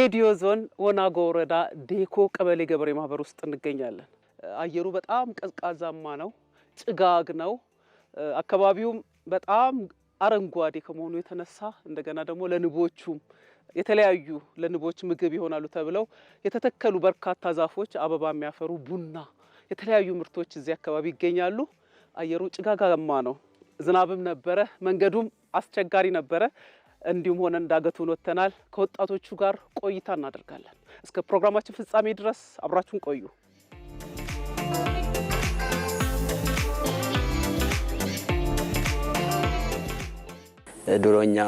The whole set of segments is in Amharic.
ጌዲዮ ዞን ወናጎ ወረዳ ዴኮ ቀበሌ ገበሬ ማህበር ውስጥ እንገኛለን። አየሩ በጣም ቀዝቃዛማ ነው፣ ጭጋግ ነው። አካባቢውም በጣም አረንጓዴ ከመሆኑ የተነሳ እንደገና ደግሞ ለንቦቹም የተለያዩ ለንቦች ምግብ ይሆናሉ ተብለው የተተከሉ በርካታ ዛፎች አበባ የሚያፈሩ ቡና፣ የተለያዩ ምርቶች እዚህ አካባቢ ይገኛሉ። አየሩ ጭጋጋማ ነው። ዝናብም ነበረ፣ መንገዱም አስቸጋሪ ነበረ። እንዲሁም ሆነ እንዳገቱ ወጥተናል። ከወጣቶቹ ጋር ቆይታ እናደርጋለን። እስከ ፕሮግራማችን ፍጻሜ ድረስ አብራችሁን ቆዩ። ድሮኛ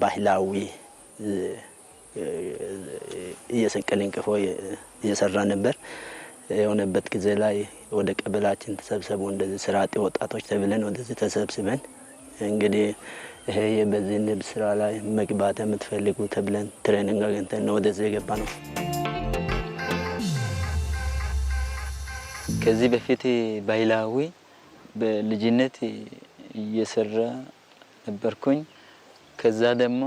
ባህላዊ እየሰቀልን ቅፎ እየሰራ ነበር። የሆነበት ጊዜ ላይ ወደ ቀበላችን ተሰብሰቡ እንደዚህ ስራ አጥ ወጣቶች ተብለን ወደዚህ ተሰብስበን እንግዲህ ይሄ በዚህ ንብ ስራ ላይ መግባት የምትፈልጉ ተብለን ትሬኒንግ አግኝተን ነው ወደዚህ የገባ ነው። ከዚህ በፊት ባህላዊ በልጅነት እየሰራ ነበርኩኝ። ከዛ ደግሞ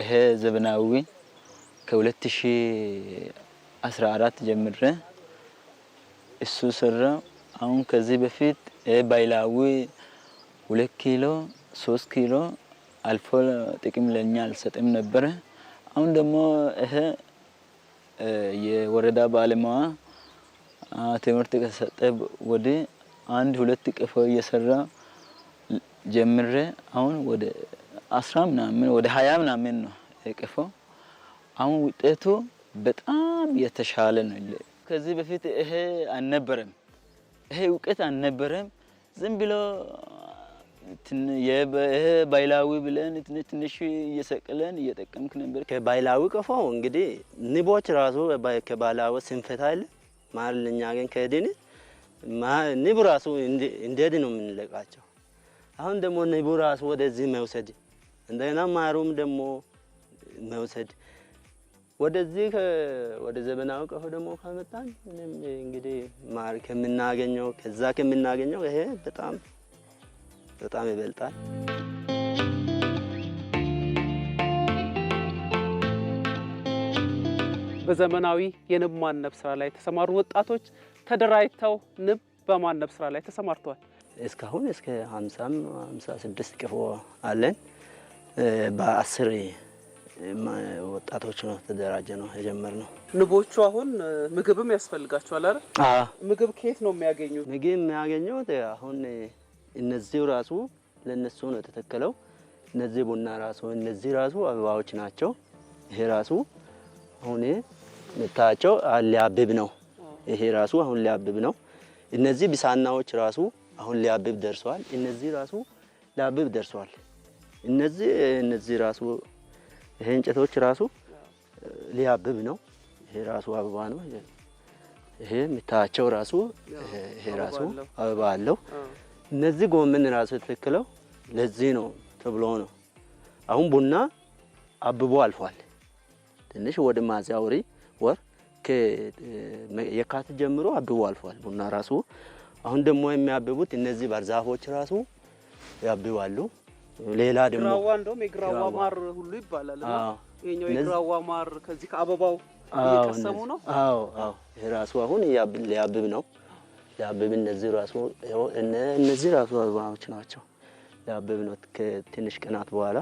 ይሄ ዘመናዊ ከ2014 ጀምረ እሱ ስራ አሁን ከዚህ በፊት ባህላዊ ሁለት ኪሎ ሶስት ኪሎ አልፎ ጥቅም ለኛ አልሰጥም ነበረ። አሁን ደግሞ ይሄ የወረዳ ባለሙያ ትምህርት ከሰጠ ወዲህ አንድ ሁለት ቀፎ እየሰራ ጀምሬ አሁን ወደ አስራ ምናምን ወደ ሀያ ምናምን ነው ቀፎ። አሁን ውጤቱ በጣም የተሻለ ነው። ከዚህ በፊት ይሄ አልነበረም፣ ይሄ እውቀት አልነበረም። ዝም ብሎ ባይላዊ ብለን ትንሽ እየሰቅለን እየጠቀምክ ነበር። ከባይላዊ ቀፎ እንግዲህ ንቦች ራሱ ከባህላዊ ስንፈት አለ ማል እኛ ግን ከድን ንብ ራሱ እንደድ ነው የምንለቃቸው። አሁን ደግሞ ንቡ ራሱ ወደዚህ መውሰድ እንደገና ማሩም ደግሞ መውሰድ ወደዚህ ወደ ዘመናዊ ቀፎ ደግሞ ካመጣን እንግዲህ ማር ከምናገኘው ከዛ ከምናገኘው ይሄ በጣም በጣም ይበልጣል። በዘመናዊ የንብ ማነብ ስራ ላይ የተሰማሩ ወጣቶች ተደራጅተው ንብ በማነብ ስራ ላይ ተሰማርተዋል። እስካሁን እስከ 50 56 ቅፎ አለን። በአስር ወጣቶች ነው ተደራጀ ነው የጀመር ነው። ንቦቹ አሁን ምግብም ያስፈልጋቸዋል አይደል? ምግብ ከየት ነው የሚያገኙት? ምግብ የሚያገኙት አሁን እነዚህ ራሱ ለነሱ ነው የተተከለው። እነዚህ ቡና ራሱ እነዚህ ራሱ አበባዎች ናቸው። ይሄ ራሱ አሁን ምታያቸው ሊያብብ ነው። ይሄ ራሱ አሁን ሊያብብ ነው። እነዚህ ቢሳናዎች ራሱ አሁን ሊያብብ ደርሰዋል። እነዚህ ራሱ ሊያብብ ደርሰዋል። እነዚህ እነዚህ ራሱ ይሄ እንጨቶች ራሱ ሊያብብ ነው። ይሄ ራሱ አበባ ነው። ይሄ የምታያቸው ራሱ ይሄ ራሱ አበባ አለው። እነዚህ ጎመን ራሱ የተተከለው ለዚህ ነው ተብሎ ነው። አሁን ቡና አብቦ አልፏል። ትንሽ ወደ ሚያዝያ ወር ወር የካቲት ጀምሮ አብቦ አልፏል ቡና ራሱ። አሁን ደግሞ የሚያብቡት እነዚህ ባርዛፎች ራሱ ያብባሉ። ሌላ ደግሞ እንደውም የግራዋ ማር ሁሉ ይባላል። ይኸኛው የግራዋ ማር ከዚህ ከአበባው እየቀሰሙ ነው። አዎ አዎ፣ ራሱ አሁን ሊያብብ ነው። ለአበብ እነዚህ ራሱ እነዚህ ራሱ አበባዎች ናቸው። ለአበብ ነው ከትንሽ ቀናት በኋላ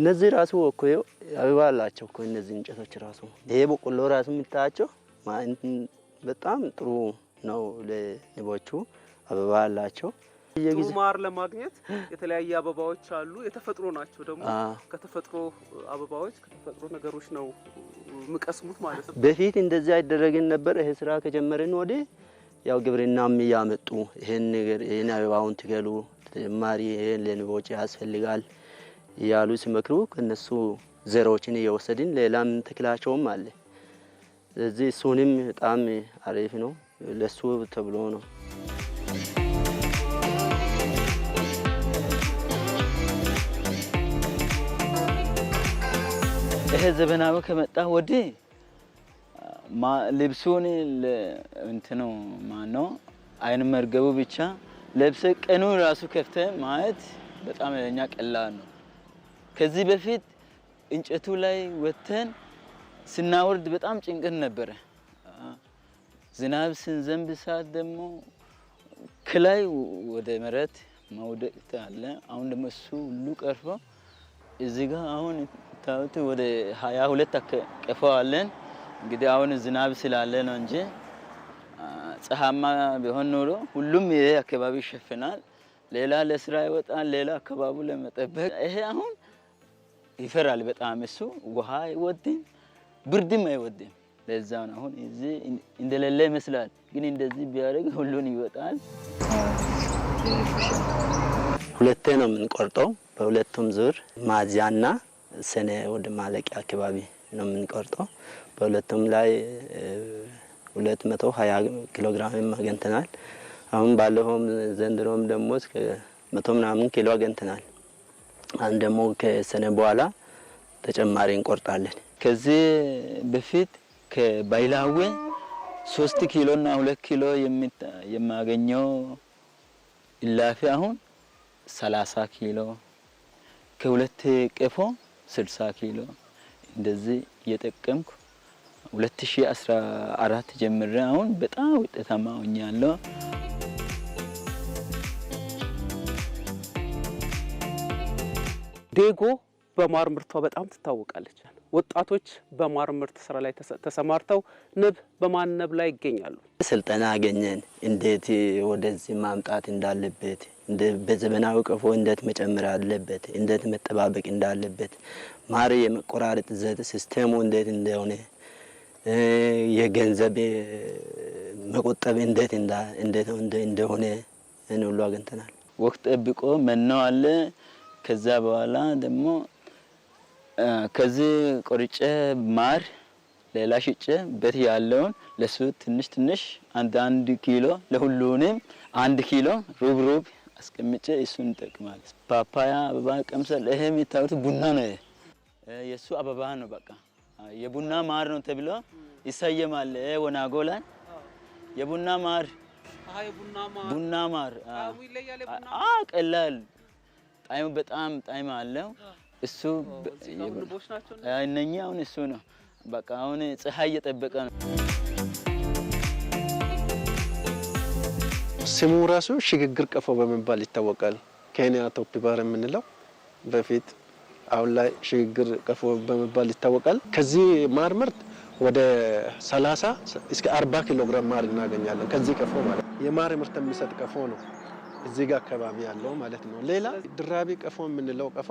እነዚህ ራሱ እኮ አበባ አላቸው እኮ እነዚህ እንጨቶች ራሱ ይሄ በቆሎ ራሱ የምታያቸው በጣም ጥሩ ነው። ለንቦቹ አበባ አላቸው። ማር ለማግኘት የተለያየ አበባዎች አሉ። የተፈጥሮ ናቸው ደግሞ ከተፈጥሮ አበባዎች ከተፈጥሮ ነገሮች ነው የምቀስሙት ማለት ነው። በፊት እንደዚህ አይደረግን ነበር። ይሄ ስራ ከጀመርን ወዲህ ያው ግብርናም እያመጡ ይህን ነገር ይህን አበባውን ትከሉ ተጨማሪ ይህን ለንቦች ያስፈልጋል እያሉ ሲመክሩ ከነሱ ዘሮችን እየወሰድን ሌላም ተክላቸውም አለ። ስለዚህ እሱንም በጣም አሪፍ ነው ለሱ ተብሎ ነው። ይሄ ዘመናዊ ከመጣ ወዲህ ልብሱን እንትኑ ነው አይን መርገቡ ብቻ ለብሰ ቀኑ ራሱ ከፍተ ማየት በጣም ለኛ ቀላል ነው። ከዚህ በፊት እንጨቱ ላይ ወተን ስናወርድ በጣም ጭንቅን ነበረ። ዝናብ ስንዘንብ ሰዓት ደግሞ ከላይ ወደ መሬት መውደቅ አለ። አሁን ደግሞ እሱ ሁሉ ቀርፎ እዚህ ጋር አሁን ታዩት ወደ ሀያ ሁለት ቀፎ አለን። እንግዲህ አሁን ዝናብ ስላለ ነው እንጂ ፀሐያማ ቢሆን ኖሮ ሁሉም ይሄ አካባቢ ይሸፍናል። ሌላ ለስራ ይወጣል፣ ሌላ አካባቢ ለመጠበቅ ይሄ አሁን ይፈራል በጣም እሱ ውሃ አይወድም፣ ብርድም አይወድም። ለዛውን አሁን እዚህ እንደሌለ ይመስላል፣ ግን እንደዚህ ቢያደርግ ሁሉን ይወጣል። ሁለቴ ነው የምንቆርጠው። በሁለቱም ዙር ሚያዝያና ሰኔ ወደ ማለቂያ አካባቢ ነው የምንቆርጠው። በሁለቱም ላይ ሁለት መቶ ሀያ ኪሎ ግራም አገኝተናል። አሁን ባለፈውም ዘንድሮም ደግሞ እስከ መቶ ምናምን ኪሎ አገኝተናል። አሁን ደግሞ ከሰነ በኋላ ተጨማሪ እንቆርጣለን። ከዚህ በፊት ከባይላዌ ሶስት ኪሎና ሁለት ኪሎ የማገኘው እላፊ አሁን ሰላሳ ኪሎ ከሁለት ቀፎ ስልሳ ኪሎ እንደዚህ እየጠቀምኩ 2014 ጀምሬ አሁን በጣም ውጤታማ ሆኛለሁ። ዴጎ በማር ምርቷ በጣም ትታወቃለች። ወጣቶች በማር ምርት ስራ ላይ ተሰማርተው ንብ በማነብ ላይ ይገኛሉ። ስልጠና አገኘን። እንዴት ወደዚህ ማምጣት እንዳለበት፣ በዘመናዊ ቀፎ እንዴት መጨመር አለበት፣ እንዴት መጠባበቅ እንዳለበት፣ ማር የመቆራረጥ ዘት ሲስተሙ እንዴት እንደሆነ የገንዘብ መቆጠብ እንዴት እንዴት እንደሆነ ይህን ሁሉ አግኝተናል። ወቅት ጠብቆ መነው አለ። ከዛ በኋላ ደግሞ ከዚህ ቆርጨ ማር ሌላ ሽጨ በት ያለውን ለሱ ትንሽ ትንሽ አንድ አንድ ኪሎ ለሁሉንም አንድ ኪሎ ሩብ ሩብ አስቀምጨ እሱን ይጠቅማል። ፓፓያ አበባ ቀምሰል። ይሄ የሚታዩት ቡና ነው። የእሱ አበባ ነው በቃ የቡና ማር ነው ተብሎ ይሰየማል። ወናጎላን የቡና ማር ቡና ማር ቀላል ጣይሙ በጣም ጣዕም አለው። እሱ እነኛ አሁን እሱ ነው በቃ አሁን ፀሐይ እየጠበቀ ነው። ስሙ ራሱ ሽግግር ቀፎ በመባል ይታወቃል። ኬንያ ቶፒ ባር የምንለው በፊት አሁን ላይ ሽግግር ቀፎ በመባል ይታወቃል። ከዚህ ማር ምርት ወደ 30 እስከ 40 ኪሎ ግራም ማር እናገኛለን። ከዚህ ቀፎ ማለት የማር ምርት የሚሰጥ ቀፎ ነው እዚህ ጋር አካባቢ ያለው ማለት ነው። ሌላ ድራቢ ቀፎ የምንለው ቀፎ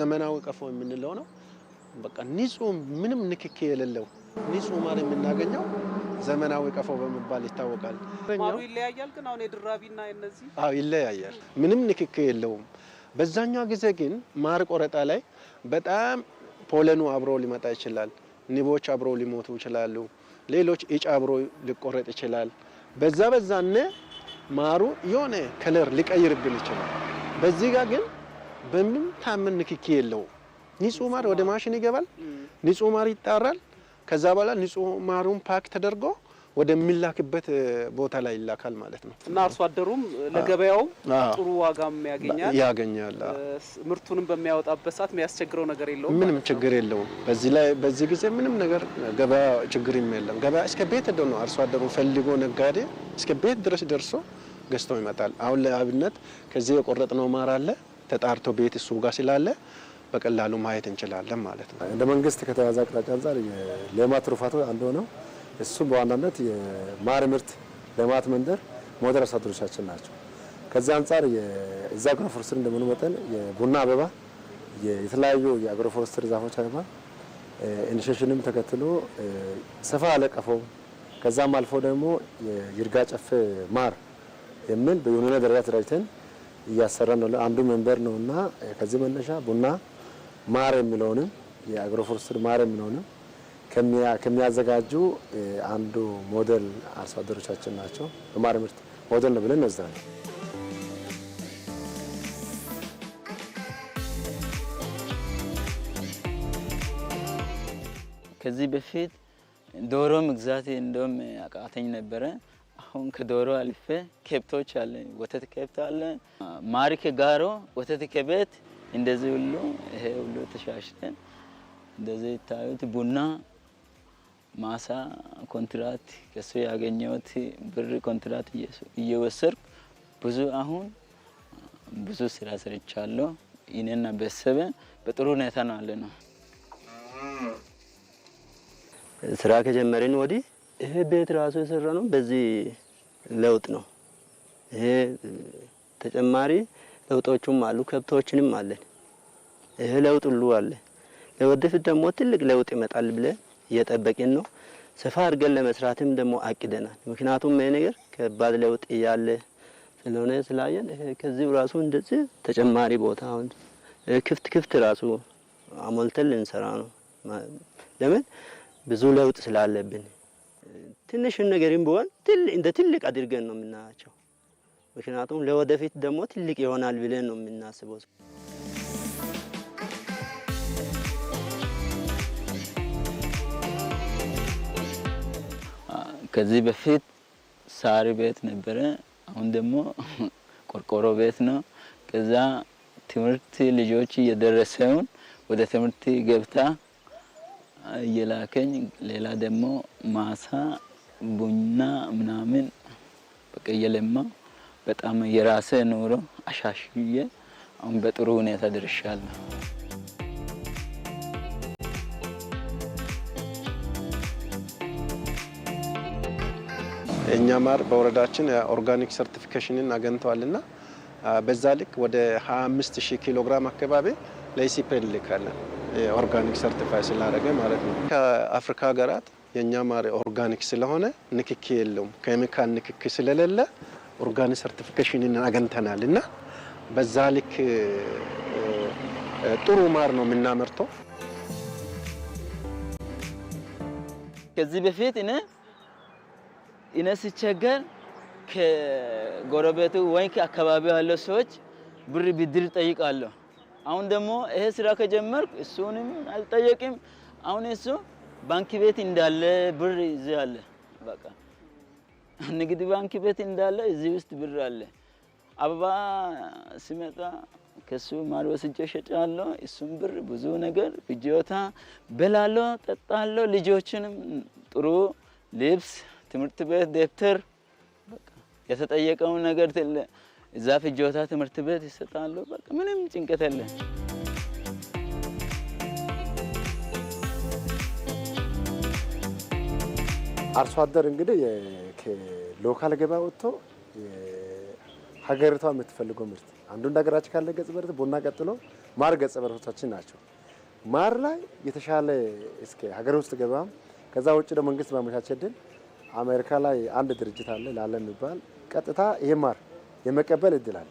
ዘመናዊ ቀፎ የምንለው ነው። በቃ ንጹህ ምንም ንክክ የሌለው ንጹህ ማር የምናገኘው ዘመናዊ ቀፎ በመባል ይታወቃል። ይለያያል፣ ግን አሁን የድራቢና እነዚህ ይለያያል። ምንም ንክክ የለውም። በዛኛው ጊዜ ግን ማር ቆረጣ ላይ በጣም ፖለኑ አብሮ ሊመጣ ይችላል። ንቦች አብሮ ሊሞቱ ይችላሉ። ሌሎች እጭ አብሮ ሊቆረጥ ይችላል። በዛ በዛነ ማሩ የሆነ ከለር ሊቀይርብን ይችላል። በዚህ ጋር ግን በምን ታምን ንክኪ የለው። ንጹህ ማር ወደ ማሽን ይገባል። ንጹህ ማር ይጣራል። ከዛ በኋላ ንጹህ ማሩን ፓክ ተደርጎ ወደሚላክበት ቦታ ላይ ይላካል ማለት ነው እና አርሶ አደሩም ለገበያውም ጥሩ ዋጋም ያገኛል ያገኛል። ምርቱንም በሚያወጣበት ሰዓት የሚያስቸግረው ነገር የለውም። ምንም ችግር የለውም። በዚህ ላይ በዚህ ጊዜ ምንም ነገር ገበያ ችግር የለም። ገበያ እስከ ቤት ሄዶ ነው አርሶ አደሩ ፈልጎ ነጋዴ እስከ ቤት ድረስ ደርሶ ገዝቶ ይመጣል። አሁን ለአብነት ከዚህ የቆረጥነው ማር አለ ተጣርቶ ቤት እሱ ጋር ስላለ በቀላሉ ማየት እንችላለን ማለት ነው። እንደ መንግስት ከተያዘ አቅጣጫ አንጻር ሌማት ትሩፋቱ አንዱ ነው። እሱም በዋናነት የማር ምርት ልማት መንደር ሞዴል አርሶ አደሮቻችን ናቸው። ከዚህ አንጻር የዛ አግሮፎረስትሪ እንደመሆኑ መጠን የቡና አበባ የተለያዩ የአግሮፎረስትሪ ዛፎች አበባ ኢኒሼሽንም ተከትሎ ሰፋ አለቀፈው ከዛም አልፎ ደግሞ የይርጋ ጨፌ ማር የሚል በየሆነ ደረጃ ተደራጅተን እያሰራን ነው። አንዱ መንበር ነውና ከዚህ መነሻ ቡና ማር የሚለውንም የአግሮፎረስትሪ ማር የሚለውንም ከሚያዘጋጁ አንዱ ሞዴል አርሶ አደሮቻችን ናቸው። በማር ምርት ሞዴል ነው ብለን እንወስዳለን። ከዚህ በፊት ዶሮ መግዛት እንደውም አቃተኝ ነበረ። አሁን ከዶሮ አልፌ ከብቶች አለ፣ ወተት ከብት አለ፣ ማር ከጋሮ፣ ወተት ከቤት እንደዚህ ሁሉ ይሄ ሁሉ ተሻሽለን እንደዚህ ይታዩት ቡና ማሳ ኮንትራት ከሱ ያገኘሁት ብር ኮንትራት እየወሰድኩ ብዙ አሁን ብዙ ስራ ሰርቻለሁ። እኔና ቤተሰብ በጥሩ ሁኔታ ነው አለ ነው። ስራ ከጀመርን ወዲህ ይሄ ቤት ራሱ የሰራ ነው። በዚህ ለውጥ ነው ይሄ። ተጨማሪ ለውጦቹም አሉ፣ ከብቶችንም አለን። ይሄ ለውጥ ሁሉ አለ። ለወደፊት ደግሞ ትልቅ ለውጥ ይመጣል ብለን እየጠበቅን ነው። ሰፋ አድርገን ለመስራትም ደግሞ አቅደናል። ምክንያቱም ይህ ነገር ከባድ ለውጥ እያለ ስለሆነ ስላየን ከዚህ ራሱ እንደዚህ ተጨማሪ ቦታ አሁን ክፍት ክፍት ራሱ አሞልተን ልንሰራ ነው። ለምን ብዙ ለውጥ ስላለብን ትንሽን ነገርም ቢሆን እንደ ትልቅ አድርገን ነው የምናያቸው። ምክንያቱም ለወደፊት ደግሞ ትልቅ ይሆናል ብለን ነው የምናስበው። ከዚህ በፊት ሳር ቤት ነበረ። አሁን ደግሞ ቆርቆሮ ቤት ነው። ከዛ ትምህርት ልጆች እየደረሰውን ወደ ትምህርት ገብታ እየላከኝ፣ ሌላ ደግሞ ማሳ ቡና ምናምን በቃ እየለማ በጣም የራሴ ኑሮ አሻሽዬ አሁን በጥሩ ሁኔታ ደርሻለሁ። እኛ ማር በወረዳችን ኦርጋኒክ ሰርቲፊኬሽንን አገኝተዋልና በዛ ልክ ወደ 25 ሺህ ኪሎ ግራም አካባቢ ለኢሲፔ ልካለን። ኦርጋኒክ ሰርቲፋይ ስላደረገ ማለት ነው። ከአፍሪካ ሀገራት የእኛ ማር ኦርጋኒክ ስለሆነ ንክኪ የለውም። ኬሚካል ንክኪ ስለሌለ ኦርጋኒክ ሰርቲፊኬሽንን አገኝተናል እና በዛ ልክ ጥሩ ማር ነው የምናመርተው ከዚህ በፊት እኔ ስቸገር ከጎረቤቱ ወይ ከአካባቢው ያለው ሰዎች ብር ብድር ጠይቃለሁ። አሁን ደግሞ ይሄ ስራ ከጀመርኩ እሱንም አልጠየቅም። አሁን እሱ ባንክ ቤት እንዳለ ብር እዚህ አለ። በቃ ንግድ ባንክ ቤት እንዳለ እዚህ ውስጥ ብር አለ። አበባ ሲመጣ ከሱ ማር ወስጄ እሸጫለሁ። እሱም ብር ብዙ ነገር ፍጆታ በላለሁ፣ ጠጣለሁ። ልጆችንም ጥሩ ልብስ ትምህርት ቤት ደብተር፣ የተጠየቀውን ነገር እዛ ፍጆታ ትምህርት ቤት ይሰጣሉ። በቃ ምንም ጭንቀት የለም። አርሶ አደር እንግዲህ ሎካል ገበያ ወጥቶ ሀገሪቷ የምትፈልገው ምርት አንዱን ሀገራችን ካለ ገጽ በረት ቡና ቀጥሎ ማር ገጽ በረቶቻችን ናቸው። ማር ላይ የተሻለ እስከ ሀገር ውስጥ ገበያም ከዛ ውጭ ደግሞ መንግስት ባመቻቸልን አሜሪካ ላይ አንድ ድርጅት አለ ለዓለም የሚባል ቀጥታ ይሄ ማር የመቀበል እድል አለ።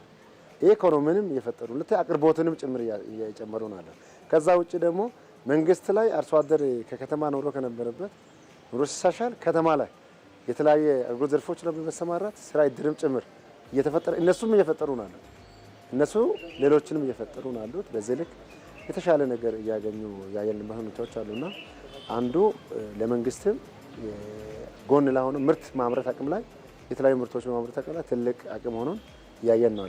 ይሄ ኢኮኖሚንም እየፈጠሩ ለተ አቅርቦትንም ጭምር እየጨመሩ ነው አለ። ከዛ ውጭ ደግሞ መንግስት ላይ አርሶ አደር ከከተማ ኑሮ ከነበረበት ኑሮ ሲሻሻል ከተማ ላይ የተለያየ አግሮ ዘርፎች ነው በመሰማራት ስራ ይድርም ጭምር እየተፈጠረ እነሱም እየፈጠሩ ነው አለ። እነሱ ሌሎችንም እየፈጠሩ ናሉት። በዚህ ልክ የተሻለ ነገር እያገኙ ያየንበት ሁኔታዎች አሉና አንዱ ለመንግስትም ጎን ላይ ምርት ማምረት አቅም ላይ የተለያዩ ምርቶች ማምረት አቅም ላይ ትልቅ አቅም ሆኖን እያየን ነው።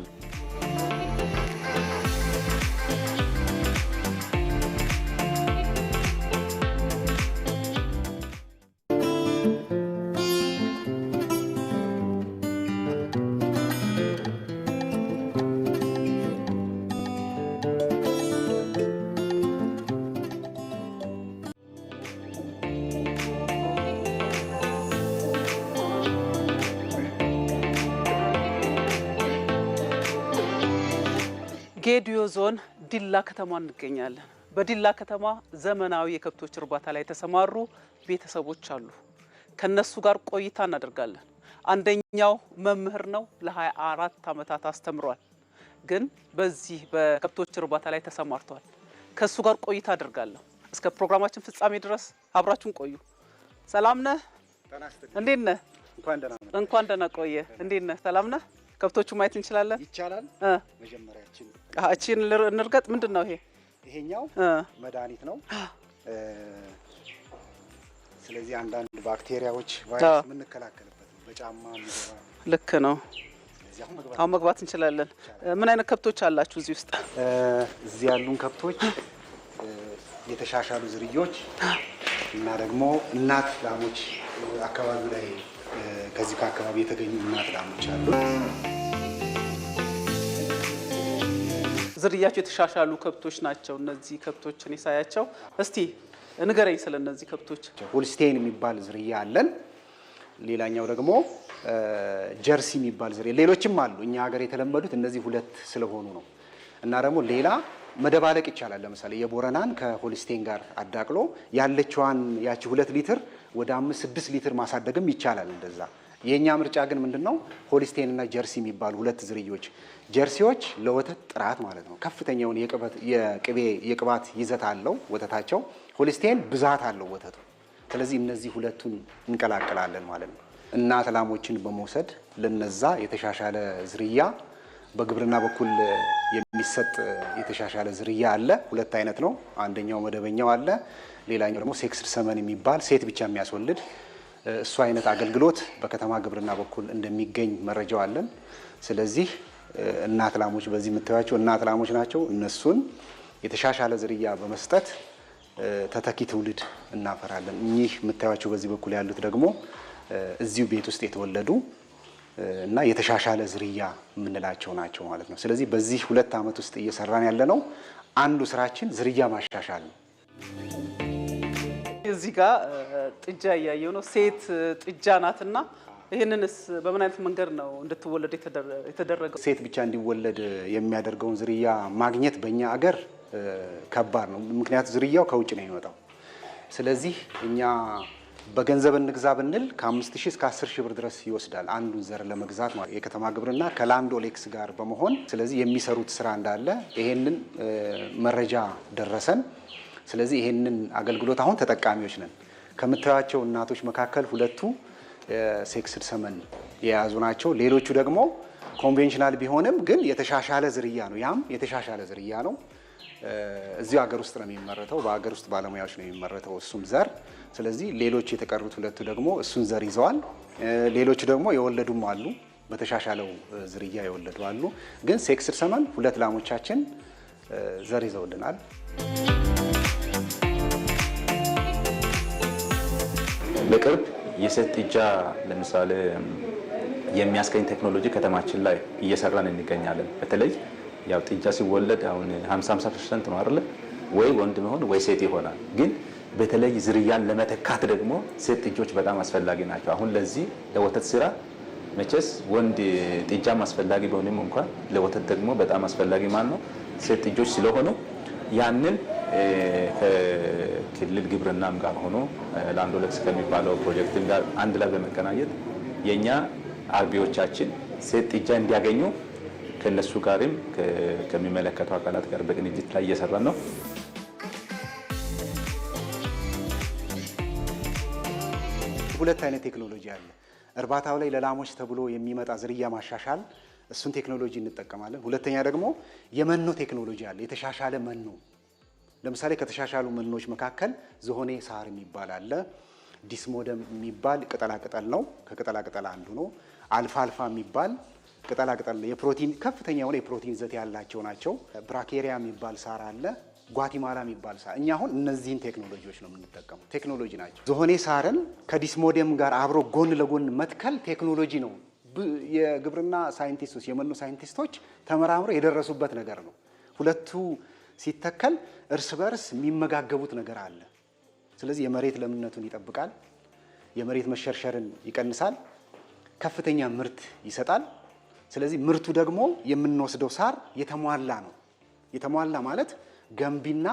በጌዲዮ ዞን ዲላ ከተማ እንገኛለን። በዲላ ከተማ ዘመናዊ የከብቶች እርባታ ላይ የተሰማሩ ቤተሰቦች አሉ። ከነሱ ጋር ቆይታ እናደርጋለን። አንደኛው መምህር ነው። ለ24 ዓመታት አስተምሯል። ግን በዚህ በከብቶች እርባታ ላይ ተሰማርቷል። ከእሱ ጋር ቆይታ አደርጋለሁ። እስከ ፕሮግራማችን ፍጻሜ ድረስ አብራችሁን ቆዩ። ሰላም ነህ? እንዴት ነህ? እንኳን ደህና ቆየ። እንዴት ነህ? ሰላም ነህ? ከብቶቹ ማየት እንችላለን? ይቻላል። መጀመሪያችን እቺን እንርገጥ። ምንድን ነው ይሄ? ይሄኛው መድኃኒት ነው። ስለዚህ አንዳንድ ባክቴሪያዎች፣ ቫይረስ የምንከላከልበት በጫማ የሚገባ ልክ ነው። አሁን መግባት እንችላለን። ምን አይነት ከብቶች አላችሁ እዚህ ውስጥ? እዚህ ያሉን ከብቶች የተሻሻሉ ዝርዮች እና ደግሞ እናት ላሞች አካባቢ ላይ ከዚህ ከአካባቢ የተገኙ እናት ላሞች አሉ። ዝርያቸው የተሻሻሉ ከብቶች ናቸው። እነዚህ ከብቶች እኔ ሳያቸው፣ እስቲ ንገረኝ ስለ እነዚህ ከብቶች። ሆልስቴን የሚባል ዝርያ አለን። ሌላኛው ደግሞ ጀርሲ የሚባል ዝርያ፣ ሌሎችም አሉ። እኛ ሀገር የተለመዱት እነዚህ ሁለት ስለሆኑ ነው። እና ደግሞ ሌላ መደባለቅ ይቻላል። ለምሳሌ የቦረናን ከሆልስቴን ጋር አዳቅሎ ያለችዋን ያቺ ሁለት ሊትር ወደ አምስት ስድስት ሊትር ማሳደግም ይቻላል እንደዛ። የእኛ ምርጫ ግን ምንድን ነው? ሆሊስቴን እና ጀርሲ የሚባሉ ሁለት ዝርዮች። ጀርሲዎች ለወተት ጥራት ማለት ነው ከፍተኛውን የቅቤ የቅባት ይዘት አለው ወተታቸው። ሆሊስቴን ብዛት አለው ወተቱ። ስለዚህ እነዚህ ሁለቱን እንቀላቀላለን ማለት ነው። እናት ላሞችን በመውሰድ ለነዛ የተሻሻለ ዝርያ በግብርና በኩል የሚሰጥ የተሻሻለ ዝርያ አለ። ሁለት አይነት ነው። አንደኛው መደበኛው አለ፣ ሌላኛው ደግሞ ሴክስድ ሰመን የሚባል ሴት ብቻ የሚያስወልድ እሱ አይነት አገልግሎት በከተማ ግብርና በኩል እንደሚገኝ መረጃው አለን። ስለዚህ እናት ላሞች በዚህ የምታያቸው እናት ላሞች ናቸው። እነሱን የተሻሻለ ዝርያ በመስጠት ተተኪ ትውልድ እናፈራለን። እኚህ የምታያቸው በዚህ በኩል ያሉት ደግሞ እዚሁ ቤት ውስጥ የተወለዱ እና የተሻሻለ ዝርያ የምንላቸው ናቸው ማለት ነው። ስለዚህ በዚህ ሁለት ዓመት ውስጥ እየሰራን ያለነው አንዱ ስራችን ዝርያ ማሻሻል ነው። እዚህ ጋር ጥጃ እያየው ነው። ሴት ጥጃ ናትና ይህንንስ በምን አይነት መንገድ ነው እንድትወለድ የተደረገው? ሴት ብቻ እንዲወለድ የሚያደርገውን ዝርያ ማግኘት በእኛ አገር ከባድ ነው። ምክንያቱ ዝርያው ከውጭ ነው የሚመጣው። ስለዚህ እኛ በገንዘብ እንግዛ ብንል ከ5000 እስከ 10000 ብር ድረስ ይወስዳል አንዱን ዘር ለመግዛት የከተማ ግብርና ከላንድ ኦሌክስ ጋር በመሆን ስለዚህ የሚሰሩት ስራ እንዳለ ይሄንን መረጃ ደረሰን። ስለዚህ ይሄንን አገልግሎት አሁን ተጠቃሚዎች ነን። ከምታዩቸው እናቶች መካከል ሁለቱ ሴክስድ ሰመን የያዙ ናቸው። ሌሎቹ ደግሞ ኮንቬንሽናል ቢሆንም ግን የተሻሻለ ዝርያ ነው። ያም የተሻሻለ ዝርያ ነው። እዚሁ ሀገር ውስጥ ነው የሚመረተው። በሀገር ውስጥ ባለሙያዎች ነው የሚመረተው እሱም ዘር ስለዚህ ሌሎች የተቀሩት ሁለቱ ደግሞ እሱን ዘር ይዘዋል። ሌሎቹ ደግሞ የወለዱም አሉ፣ በተሻሻለው ዝርያ የወለዱ አሉ። ግን ሴክስድ ሰመን ሁለት ላሞቻችን ዘር ይዘውልናል። በቅርብ የሴት ጥጃ ለምሳሌ የሚያስገኝ ቴክኖሎጂ ከተማችን ላይ እየሰራን እንገኛለን። በተለይ ያው ጥጃ ሲወለድ አሁን 50 50 ፐርሰንት ነው አይደለ? ወይ ወንድ መሆን ወይ ሴት ይሆናል ግን በተለይ ዝርያን ለመተካት ደግሞ ሴት ጥጆች በጣም አስፈላጊ ናቸው። አሁን ለዚህ ለወተት ስራ መቼስ ወንድ ጥጃም አስፈላጊ ቢሆንም እንኳን ለወተት ደግሞ በጣም አስፈላጊ ማን ነው ሴት ጥጆች ስለሆኑ ያንን ከክልል ግብርናም ጋር ሆኖ ለአንድ ወለክስ ከሚባለው ፕሮጀክት ጋር አንድ ላይ በመቀናኘት የእኛ አርቢዎቻችን ሴት ጥጃ እንዲያገኙ ከነሱ ጋርም ከሚመለከቱ አካላት ጋር በቅንጅት ላይ እየሰራን ነው። ሁለት አይነት ቴክኖሎጂ አለ። እርባታው ላይ ለላሞች ተብሎ የሚመጣ ዝርያ ማሻሻል፣ እሱን ቴክኖሎጂ እንጠቀማለን። ሁለተኛ ደግሞ የመኖ ቴክኖሎጂ አለ፣ የተሻሻለ መኖ። ለምሳሌ ከተሻሻሉ መኖች መካከል ዝሆኔ ሳር የሚባል አለ። ዲስሞደም የሚባል ቅጠላቅጠል ነው፣ ከቅጠላቅጠል አንዱ ነው። አልፋልፋ የሚባል ቅጠላቅጠል የፕሮቲን ከፍተኛ የሆነ የፕሮቲን ይዘት ያላቸው ናቸው። ብራኬሪያ የሚባል ሳር አለ። ጓቲማላ የሚባል ሳር እኛ አሁን እነዚህን ቴክኖሎጂዎች ነው የምንጠቀሙ። ቴክኖሎጂ ናቸው። ዝሆኔ ሳርን ከዲስሞዲየም ጋር አብሮ ጎን ለጎን መትከል ቴክኖሎጂ ነው። የግብርና ሳይንቲስቶች የመኖ ሳይንቲስቶች ተመራምሮ የደረሱበት ነገር ነው። ሁለቱ ሲተከል እርስ በርስ የሚመጋገቡት ነገር አለ። ስለዚህ የመሬት ለምነቱን ይጠብቃል፣ የመሬት መሸርሸርን ይቀንሳል፣ ከፍተኛ ምርት ይሰጣል። ስለዚህ ምርቱ ደግሞ የምንወስደው ሳር የተሟላ ነው። የተሟላ ማለት ገንቢና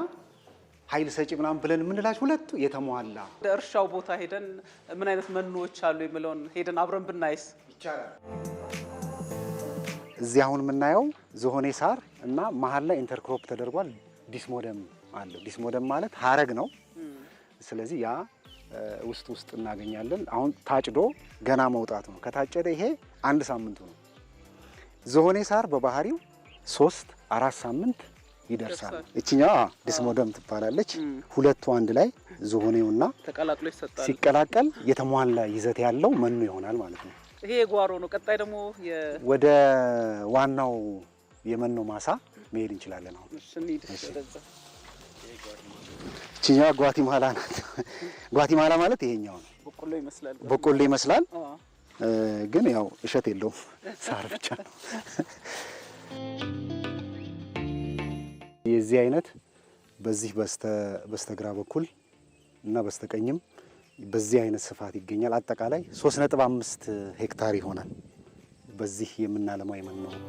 ኃይል ሰጪ ምናምን ብለን የምንላቸው ሁለቱ የተሟላ እርሻው ቦታ ሄደን ምን አይነት መኖዎች አሉ የሚለውን ሄደን አብረን ብናይስ ይቻላል። እዚህ አሁን የምናየው ዝሆኔ ሳር እና መሀል ላይ ኢንተርክሮፕ ተደርጓል። ዲስሞደም አለ ዲስሞደም ማለት ሀረግ ነው። ስለዚህ ያ ውስጥ ውስጥ እናገኛለን። አሁን ታጭዶ ገና መውጣት ነው። ከታጨደ ይሄ አንድ ሳምንቱ ነው። ዝሆኔ ሳር በባህሪው ሶስት አራት ሳምንት ይደርሳል። እችኛዋ ዲስሞደም ትባላለች። ሁለቱ አንድ ላይ ዝሆኔውና ሲቀላቀል የተሟላ ይዘት ያለው መኖ ይሆናል ማለት ነው። ይሄ የጓሮ ነው። ቀጣይ ደግሞ ወደ ዋናው የመኖ ማሳ መሄድ እንችላለን። አሁን እችኛዋ ጓቲማላ ናት። ጓቲማላ ማለት ይሄኛው ነው። በቆሎ ይመስላል፣ ግን ያው እሸት የለውም ሳር ብቻ ነው። የዚህ አይነት በዚህ በስተግራ በኩል እና በስተቀኝም በዚህ አይነት ስፋት ይገኛል። አጠቃላይ 3.5 ሄክታር ይሆናል። በዚህ የምናለማው የመኖ ነው።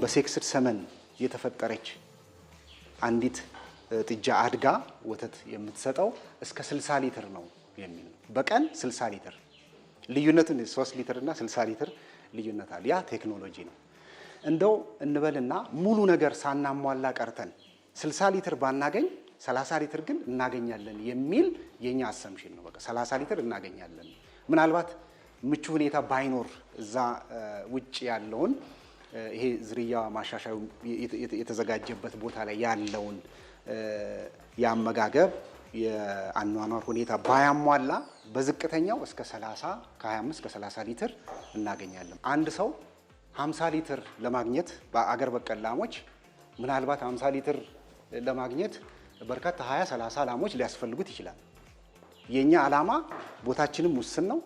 በሴክስድ ሰመን የተፈጠረች አንዲት ጥጃ አድጋ ወተት የምትሰጠው እስከ 60 ሊትር ነው የሚል በቀን 60 ሊትር ልዩነቱን 3 ሊትር እና 60 ሊትር ልዩነት አለ። ያ ቴክኖሎጂ ነው። እንደው እንበልና ሙሉ ነገር ሳናሟላ ቀርተን 60 ሊትር ባናገኝ 30 ሊትር ግን እናገኛለን የሚል የኛ አሰምሽን ነው። በቃ 30 ሊትር እናገኛለን። ምናልባት ምቹ ሁኔታ ባይኖር እዛ ውጭ ያለውን ይሄ ዝርያ ማሻሻዩ የተዘጋጀበት ቦታ ላይ ያለውን የአመጋገብ የአኗኗር ሁኔታ ባያሟላ በዝቅተኛው እስከ 30 ከ25 እስከ 30 ሊትር እናገኛለን። አንድ ሰው 50 ሊትር ለማግኘት በአገር በቀል ላሞች ምናልባት 50 ሊትር ለማግኘት በርካታ 20 30 ላሞች ሊያስፈልጉት ይችላል። የእኛ ዓላማ ቦታችንም ውስን ነው።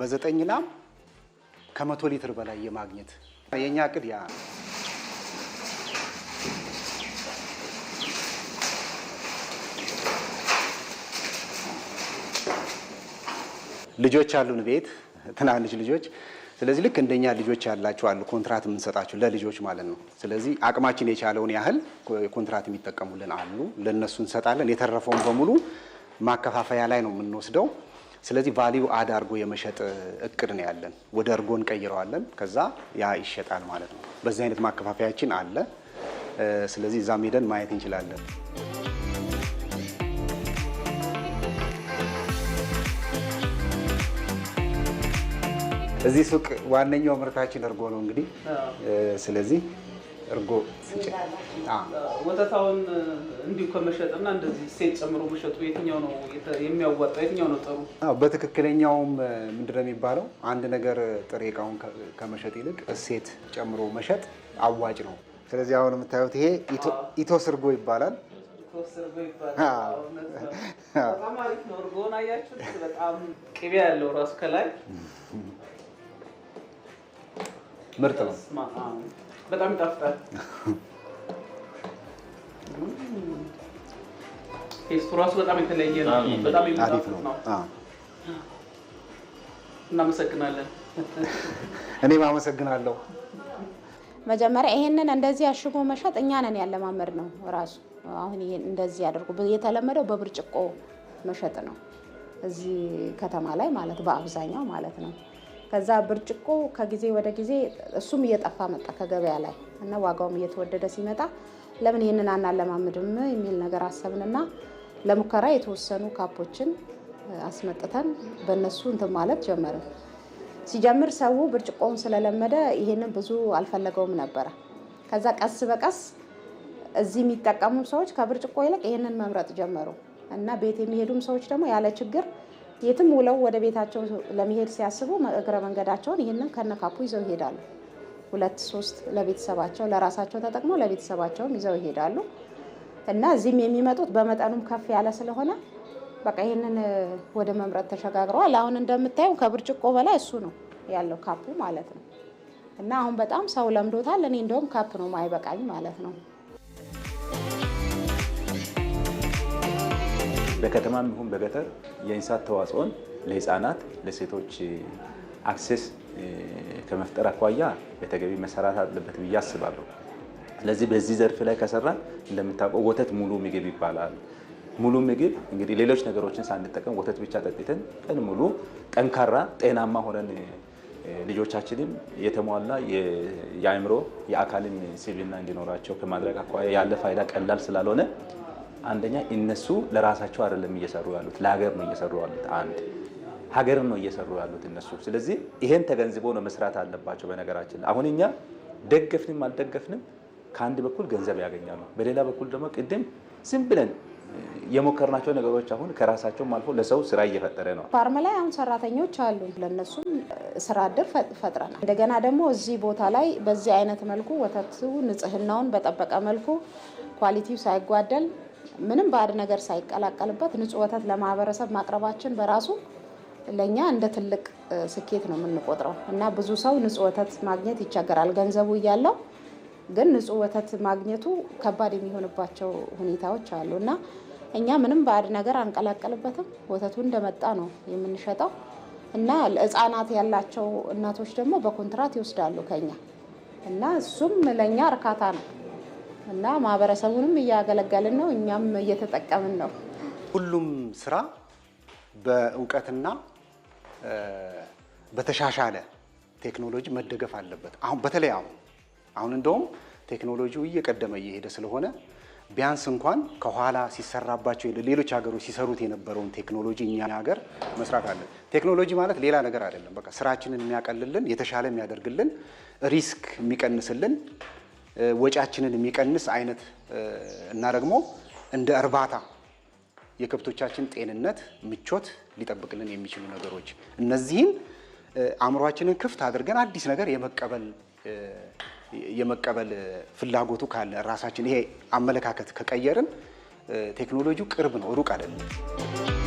በዘጠኝ ላም ከመቶ ሊትር በላይ የማግኘት የእኛ እቅድ ያ ልጆች አሉን ቤት ትናንሽ ልጆች። ስለዚህ ልክ እንደኛ ልጆች ያላቸው አሉ ኮንትራት የምንሰጣቸው ለልጆች ማለት ነው። ስለዚህ አቅማችን የቻለውን ያህል ኮንትራት የሚጠቀሙልን አሉ፣ ለእነሱ እንሰጣለን። የተረፈውን በሙሉ ማከፋፈያ ላይ ነው የምንወስደው። ስለዚህ ቫሊዩ አድ አድርጎ የመሸጥ እቅድ ነው ያለን። ወደ እርጎ እንቀይረዋለን፣ ከዛ ያ ይሸጣል ማለት ነው። በዚህ አይነት ማከፋፈያችን አለ። ስለዚህ እዛም ሄደን ማየት እንችላለን። እዚህ ሱቅ ዋነኛው ምርታችን እርጎ ነው እንግዲህ። ስለዚህ እርጎ ስንጨ ወተታውን እንዲሁ ከመሸጥና እንደዚህ ሴት ጨምሮ መሸጡ የትኛው ነው የሚያዋጣው? የትኛው ነው ጥሩ? አዎ በትክክለኛውም ምንድን ነው የሚባለው፣ አንድ ነገር ጥሬ እቃውን ከመሸጥ ይልቅ እሴት ጨምሮ መሸጥ አዋጭ ነው። ስለዚህ አሁን የምታዩት ይሄ ኢቶስ እርጎ ይባላል። በጣም አሪፍ ነው። እርጎን አያችሁት? በጣም ቅቤ ያለው ራሱ ከላይ ምርጥ ነው። በጣም ይጣፍጣል። ቴስቱ ራሱ በጣም የተለየ ነው። በጣም አሪፍ ነው። እናመሰግናለን። እኔም አመሰግናለሁ። መጀመሪያ ይሄንን እንደዚህ አሽጎ መሸጥ እኛ ነን ያለማመድ ነው ራሱ። አሁን እንደዚህ የተለመደው በብርጭቆ መሸጥ ነው እዚህ ከተማ ላይ ማለት በአብዛኛው ማለት ነው። ከዛ ብርጭቆ ከጊዜ ወደ ጊዜ እሱም እየጠፋ መጣ ከገበያ ላይ እና ዋጋውም እየተወደደ ሲመጣ ለምን ይህንን አናለማምድም የሚል ነገር አሰብንና ለሙከራ የተወሰኑ ካፖችን አስመጥተን በእነሱ እንትን ማለት ጀመርን። ሲጀምር ሰው ብርጭቆውን ስለለመደ ይሄንን ብዙ አልፈለገውም ነበረ። ከዛ ቀስ በቀስ እዚህ የሚጠቀሙ ሰዎች ከብርጭቆ ይልቅ ይህንን መምረጥ ጀመሩ እና ቤት የሚሄዱም ሰዎች ደግሞ ያለ ችግር የትም ውለው ወደ ቤታቸው ለመሄድ ሲያስቡ እግረ መንገዳቸውን ይህንን ከነካፑ ይዘው ይሄዳሉ። ሁለት ሶስት ለቤተሰባቸው ለራሳቸው ተጠቅመው ለቤተሰባቸውም ይዘው ይሄዳሉ እና እዚህም የሚመጡት በመጠኑም ከፍ ያለ ስለሆነ በቃ ይህንን ወደ መምረጥ ተሸጋግረዋል። አሁን እንደምታየው ከብርጭቆ በላይ እሱ ነው ያለው ካፑ ማለት ነው። እና አሁን በጣም ሰው ለምዶታል። እኔ እንደውም ካፕ ነው ማይበቃኝ ማለት ነው። በከተማም ይሁን በገጠር የእንስሳት ተዋጽኦን ለህፃናት፣ ለሴቶች አክሴስ ከመፍጠር አኳያ በተገቢ መሰራት አለበት ብዬ አስባለሁ። ስለዚህ በዚህ ዘርፍ ላይ ከሰራ እንደምታውቀው ወተት ሙሉ ምግብ ይባላል። ሙሉ ምግብ እንግዲህ ሌሎች ነገሮችን ሳንጠቀም ወተት ብቻ ጠጥተን ቀን ሙሉ ጠንካራ ጤናማ ሆነን ልጆቻችንም የተሟላ የአእምሮ የአካልን ስብዕና እንዲኖራቸው ከማድረግ አኳያ ያለ ፋይዳ ቀላል ስላልሆነ አንደኛ እነሱ ለራሳቸው አይደለም እየሰሩ ያሉት፣ ለሀገር ነው እየሰሩ ያሉት። አንድ ሀገርን ነው እየሰሩ ያሉት እነሱ። ስለዚህ ይሄን ተገንዝቦ ነው መስራት አለባቸው። በነገራችን አሁን እኛ ደገፍንም አልደገፍንም ከአንድ በኩል ገንዘብ ያገኛሉ፣ በሌላ በኩል ደግሞ ቅድም ዝም ብለን የሞከርናቸው ነገሮች አሁን ከራሳቸውም አልፎ ለሰው ስራ እየፈጠረ ነው። ፋርም ላይ አሁን ሰራተኞች አሉ፣ ለእነሱም ስራ እድል ፈጥረናል። እንደገና ደግሞ እዚህ ቦታ ላይ በዚህ አይነት መልኩ ወተቱ ንጽህናውን በጠበቀ መልኩ ኳሊቲው ሳይጓደል ምንም ባዕድ ነገር ሳይቀላቀልበት ንጹህ ወተት ለማህበረሰብ ማቅረባችን በራሱ ለእኛ እንደ ትልቅ ስኬት ነው የምንቆጥረው እና ብዙ ሰው ንጹህ ወተት ማግኘት ይቸገራል። ገንዘቡ እያለው ግን ንጹህ ወተት ማግኘቱ ከባድ የሚሆንባቸው ሁኔታዎች አሉ እና እኛ ምንም ባዕድ ነገር አንቀላቀልበትም። ወተቱ እንደመጣ ነው የምንሸጠው እና ህጻናት ያላቸው እናቶች ደግሞ በኮንትራት ይወስዳሉ ከኛ እና እሱም ለእኛ እርካታ ነው። እና ማህበረሰቡንም እያገለገልን ነው፣ እኛም እየተጠቀምን ነው። ሁሉም ስራ በእውቀትና በተሻሻለ ቴክኖሎጂ መደገፍ አለበት። አሁን በተለይ አሁን አሁን እንደውም ቴክኖሎጂው እየቀደመ እየሄደ ስለሆነ ቢያንስ እንኳን ከኋላ ሲሰራባቸው ሌሎች ሀገሮች ሲሰሩት የነበረውን ቴክኖሎጂ እኛ ሀገር መስራት አለን። ቴክኖሎጂ ማለት ሌላ ነገር አይደለም። በቃ ስራችንን የሚያቀልልን የተሻለ የሚያደርግልን ሪስክ የሚቀንስልን ወጪያችንን የሚቀንስ አይነት እና ደግሞ እንደ እርባታ የከብቶቻችን ጤንነት፣ ምቾት ሊጠብቅልን የሚችሉ ነገሮች እነዚህን አእምሯችንን ክፍት አድርገን አዲስ ነገር የመቀበል የመቀበል ፍላጎቱ ካለ ራሳችን ይሄ አመለካከት ከቀየርን ቴክኖሎጂው ቅርብ ነው፣ ሩቅ አይደለም።